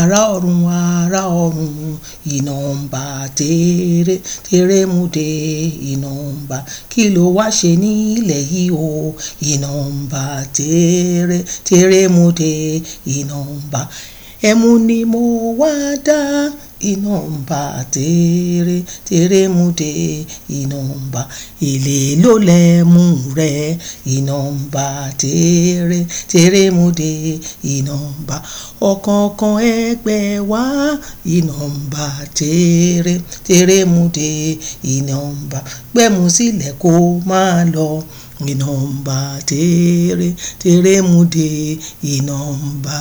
ará ọ̀run ará ọ̀run ìnàǹbà tèrè tèrè múdé ìnàǹbà kí ló wá ṣe nílẹ̀ yìí o ìnàǹbà tèrè tèrè múdé ìnàǹbà ẹmu ni mo wá dá iná ń bà tèrè tèrè mú dé iná ń bà èlé ló lẹ mú rẹ iná ń bà tèrè tèrè mú dé iná ń bà ọ̀kọ̀ọ̀kan ẹgbẹ́ wá iná ń bà tèrè tèrè mú dé iná ń bà gbẹ̀mú sílẹ̀ kó máa lọ iná ń bà tèrè tèrè mú dé iná ń bà.